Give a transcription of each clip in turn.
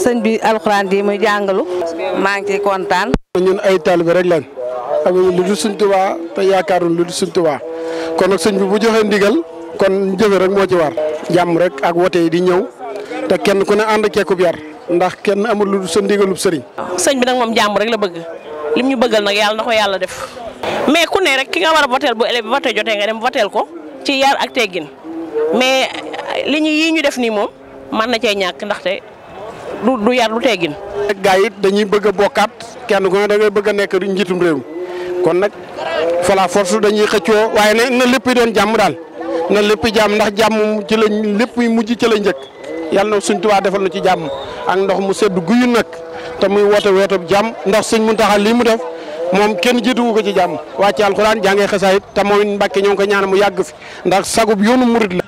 sëñ bi alxuraan di muy jàngalu maa ngi ciy kontaan. ñun ay taalibe rek lañ amuñu lu dul Sëñ Tuubaa te yaakaaruñu lu dul Sëñ Tuubaa kon nag sëñ bi bu joxee ndigal kon jëfe rek moo ci war jàmm rek ak wote di ñëw te kenn ku ne ànd keekub yar ndax kenn amul lu sa ndigalub sëriñ. sëñ bi nag moom jàmm rek la bëgg lim ñu bëggal nag yàlla na ko yàlla def mais ku ne rek ki nga war a voteel bu élève vote jotee nga dem voteel ko ci yar ak teggin mais li ñu yii ñu def nii moom mën na cee ñàkk ndaxte du du yar du teggin. gaa yit dañuy bëgg a bokkaat kenn ku ne dangay bëgg a nekk njiitum réew kon nag fala force dañuy xëccoo waaye ne na lépp doon jàmm daal na lépp jàmm ndax jàmm ci lañ lépp mujj ci la yal na suñ waa defal na ci jàmm ak ndox mu sedd guyu nag te muy woote woote jàmm ndax sëñ Muntaxa lii mu def moom kenn jiituwu ko ci jàmm wàcce alxuraan jàngee xasaayit te moom mbakke Mbàkke ñoo ko ñaan mu yàgg fi ndax sagub yoonu murit la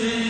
si